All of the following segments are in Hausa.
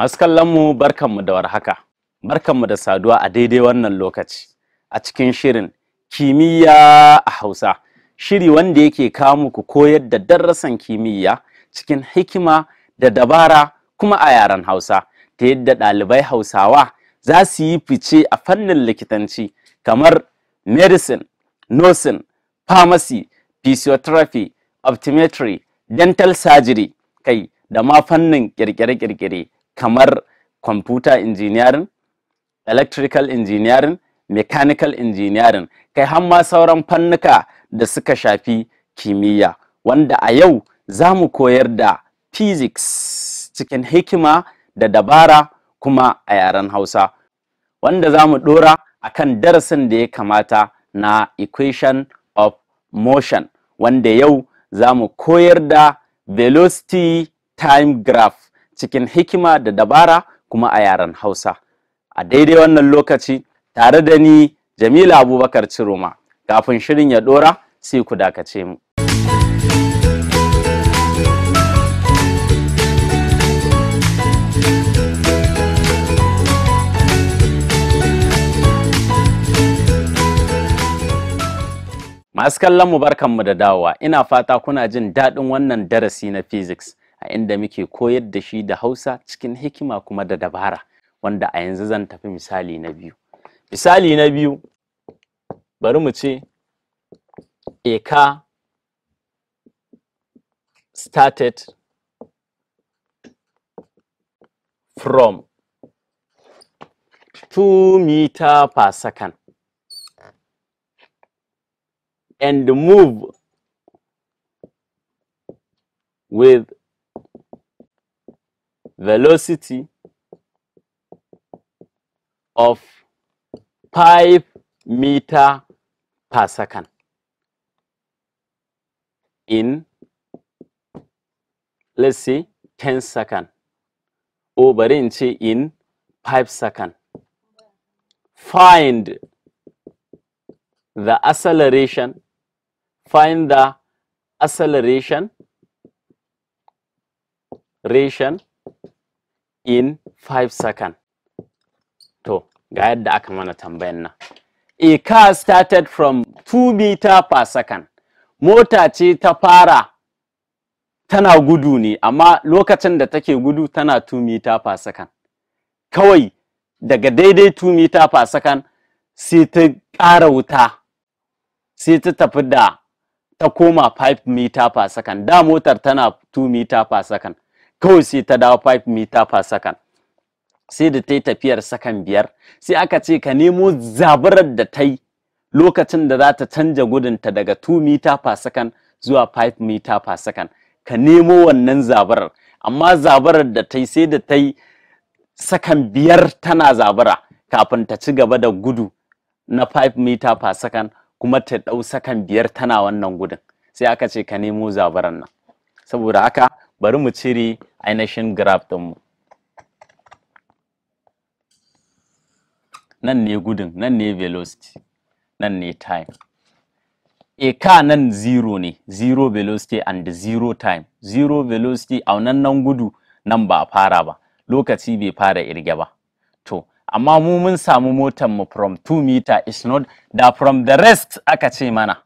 Masu kallon kallonmu barkanmu da warhaka, barkanmu da saduwa a daidai wannan lokaci a cikin shirin kimiyya a Hausa, shiri wanda yake kawo muku koyar da darasan kimiyya cikin hikima da dabara kuma a yaren Hausa, ta yadda ɗalibai Hausawa za su yi fice a fannin likitanci kamar medicine, nursing, pharmacy, physiotherapy, optometry, dental surgery, kai da ma fannin kirkire-kirkire kamar computer engineering electrical engineering mechanical engineering kai hamma sauran fannuka da suka shafi kimiyya wanda a yau za mu koyar da physics cikin hikima da dabara kuma a yaren hausa wanda za mu dora kan darasin da ya kamata na equation of motion wanda yau za mu koyar da velocity time graph cikin hikima da dabara kuma a yaren Hausa. A daidai wannan lokaci tare da ni Jamila Abubakar Ciroma kafin shirin ya ɗora sai ku dakace mu. Masu kallon mu barkanmu da dawowa ina fata kuna jin daɗin wannan darasi na physics. a inda muke koyar da shi da hausa cikin hikima kuma da dabara wanda a yanzu zan tafi misali na biyu misali na biyu bari mu ce eka started from 2 meter per second and move with velocity of 5 meter per second in let's say 10 second over bari in in 5 second find the acceleration find the acceleration ration in 5 second to ga yadda aka mana tambayan nan a car started from 2 meter per second mota ce ta fara tana gudu ne amma lokacin da take gudu tana 2 meter per second kawai daga daidai 2 meter per second sai ta ƙara wuta sai ta tafi da ta koma 5 meter per second da motar tana 2 meter per second kawai sai ta dawo 5 meter per second sai da ta yi tafiyar sakan biyar sai aka ce ka nemo zaburar da ta yi lokacin da za ta canja gudunta daga 2 meter per second zuwa 5 meter per second ka nemo wannan zabarar. amma zabarar da ta yi sai da ta yi sakan biyar tana zabara kafin ta ci gaba da gudu na 5 meter per second kuma ta ɗau sakan biyar tana wannan gudun sai aka ce ka nemo zabarar nan saboda haka bari mu cire ainihin graph mu. nan ne gudun nan ne velocity nan ne time a ka nan zero ne zero velocity and zero time zero velocity a nan nan gudu nan ba a fara ba lokaci bai fara irge ba to amma mu mun samu motar mu from 2 meter is not da from the rest aka ce mana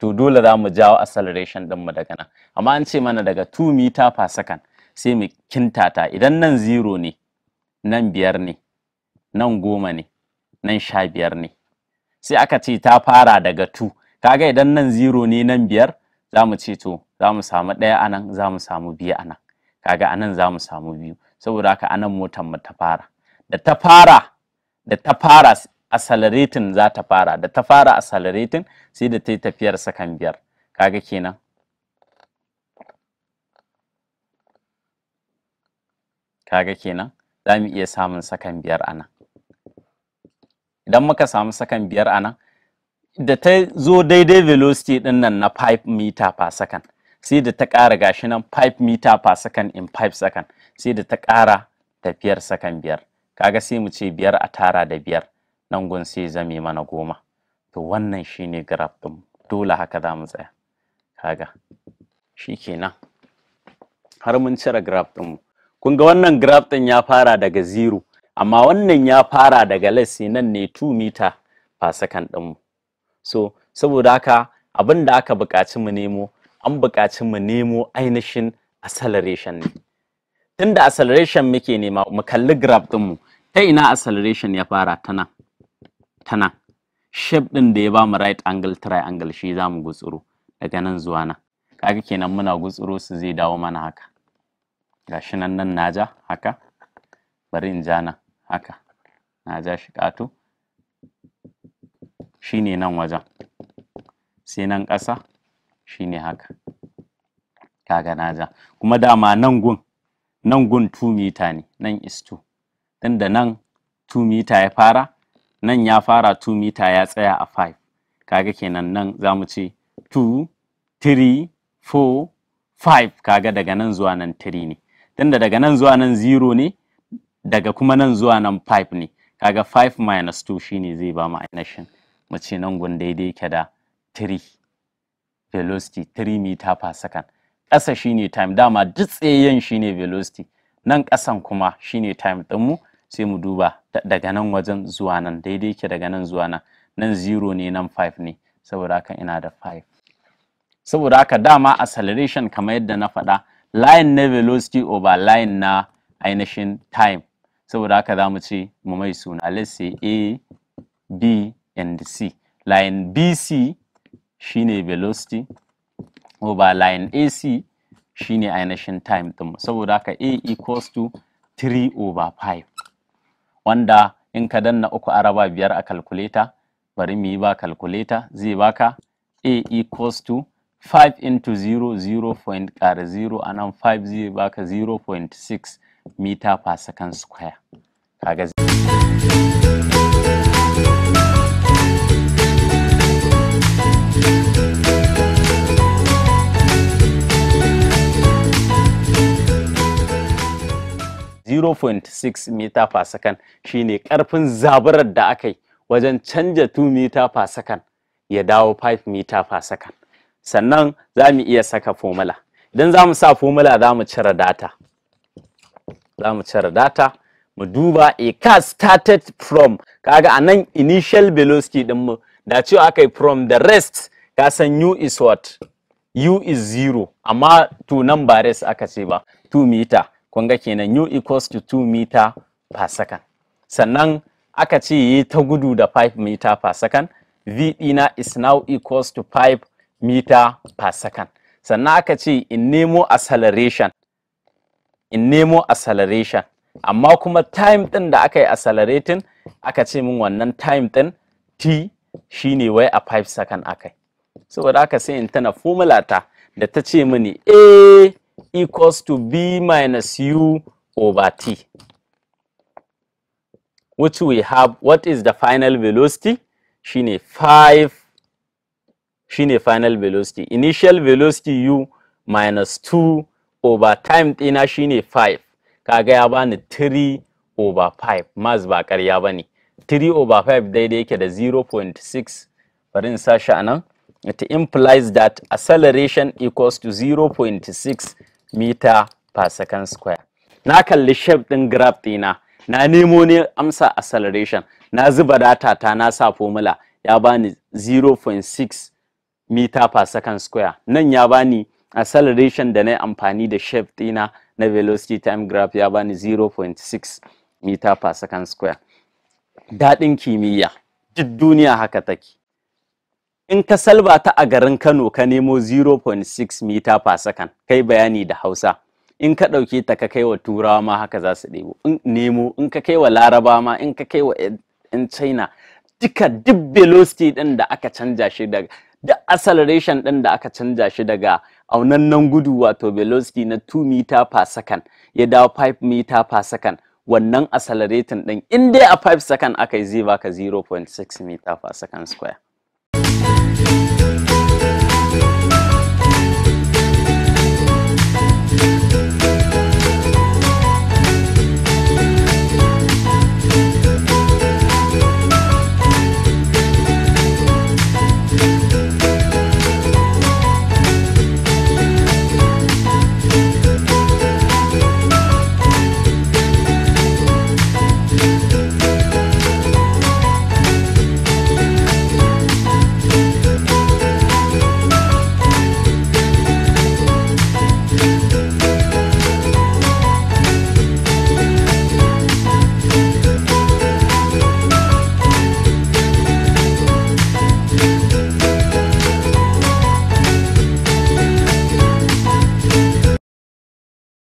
to dole za mu jawo acceleration din mu daga nan amma an ce mana daga 2 meter per second sai mu kintata idan nan zero ne nan biyar ne nan goma ne nan sha biyar ne sai aka ce ta fara daga tu kaga idan nan zero ne nan biyar za mu ce to za mu samu ɗaya a nan za mu samu biyu a nan kaga a nan za mu samu biyu saboda haka a nan motar mu ta fara da ta fara da ta fara accelerating za ta fara da ta fara accelerating sai da ta yi tafiyar sakan biyar kaga kenan kaga kenan za mu iya samun sakan biyar a nan idan muka samu sakan biyar a nan da ta zo daidai velocity din nan na 5 meter per second sai da ta ƙara gashi nan 5 meter per second in 5 second sai da ta ƙara tafiyar sakan biyar kaga sai mu ce biyar a tara da biyar nan gun sai zame mana goma to wannan shine graph din dole haka za mu tsaya kaga shikenan har mun cire graph din mu kun ga wannan graph din ya fara daga zero amma wannan ya fara daga less nan ne 2 meter per second din mu so saboda haka abin da aka buƙaci mu nemo an buƙaci mu nemo ainihin acceleration ne tunda acceleration muke nema mu kalli graph din mu ta ina acceleration ya fara tana tana shape din da ya bamu right angle triangle shi zamu gutsuro daga nan zuwa na kaga kenan muna gutsuro su zai dawo mana haka gashi nan nan na ja haka bari in ja nan haka na ja shi ƙato shine nan wajen sai nan ƙasa shine haka kaga na ja kuma dama nan gun nan gun 2 mita ne nan is 2 tun da nan 2 mita ya fara nan ya fara 2 mita ya tsaya a 5 kaga kenan nan za mu ce 2 3 4 5 kaga daga nan zuwa nan 3 ne tunda daga nan zuwa nan zero ne daga kuma nan zuwa nan five ne kaga five minus shi shine zai ba mu ainihin mu ce nan gun daidai yake da three velocity three meter per second ƙasa shine time dama shi shine velocity nan ƙasan kuma shine time ɗinmu sai mu duba daga nan wajen zuwa nan daidai yake daga nan zuwa nan nan zero ne nan five ne saboda haka ina da five saboda haka dama acceleration kamar yadda na faɗa line na velocity over line na ainihin time saboda haka za mu ce mu mai suna let's say a b and c line bc shine velocity over line ac shine ainihin time ɗinmu saboda haka a equals to 3 over 5 wanda in ka danna uku araba biyar a kalkuleta bari mu yi ba kalkuleta zai baka a equals to 5 into 0 0 point ƙara 0 a 5 zai baka 0.6 mita per second square kaga Zero point six meter per second shine ƙarfin zaburar da aka yi wajen canja 2 mita per second ya dawo 5 mita per second. sannan za mu iya saka fomula idan za mu sa fomula za mu cire data za mu cire data mu duba eh, a car started from kaga a nan initial velocity din mu da cewa aka yi from the rest ka san u is what u is zero amma to nan ba rest aka ce ba 2 meter kun ga kenan u equals to 2 meter per second sannan aka ce yi ta gudu da 5 meter per second v dina is now equals to 5 mita per second sannan aka ce in nemo acceleration in nemo acceleration amma kuma time din da aka yi accelerating aka ce min wannan time din t shine wai a 5 second yi. saboda aka sai in tana formula ta da ta ce mini a equals to b minus u over t which we have what is the final velocity shine 5 shine final velocity initial velocity u minus 2 over time ɗina shine 5 kaga ya bani 3 over 5 mas ba ƙarya ba ne 3 over 5 daidai yake da 0.6 bari in sashi anan it implies that acceleration equals to 0.6 meter per second square na kalli shape din graph ɗina na nemo ne amsa acceleration na zuba data ta na sa formula ya bani 0.6 mita per second square nan ya bani acceleration da na amfani da shape dina na velocity time graph ya bani 0.6 meter per second square daɗin kimiyya duk duniya haka take in ka salba ta a garin Kano ka nemo 0.6 meter per second kai bayani da Hausa in ka ɗauke ta ka kai wa turawa ma haka za su ɗebo in nemo in ka kai wa laraba ma in ka kai wa 'yan china duka duk velocity ɗin da aka canja shi daga da acceleration ɗin da aka canja shi daga aunannan gudu wato velocity na 2 meter per second ya dawo 5 meter per second wannan accelerating ɗin in dai a 5 second aka yi zai baka 0.6 meter per second square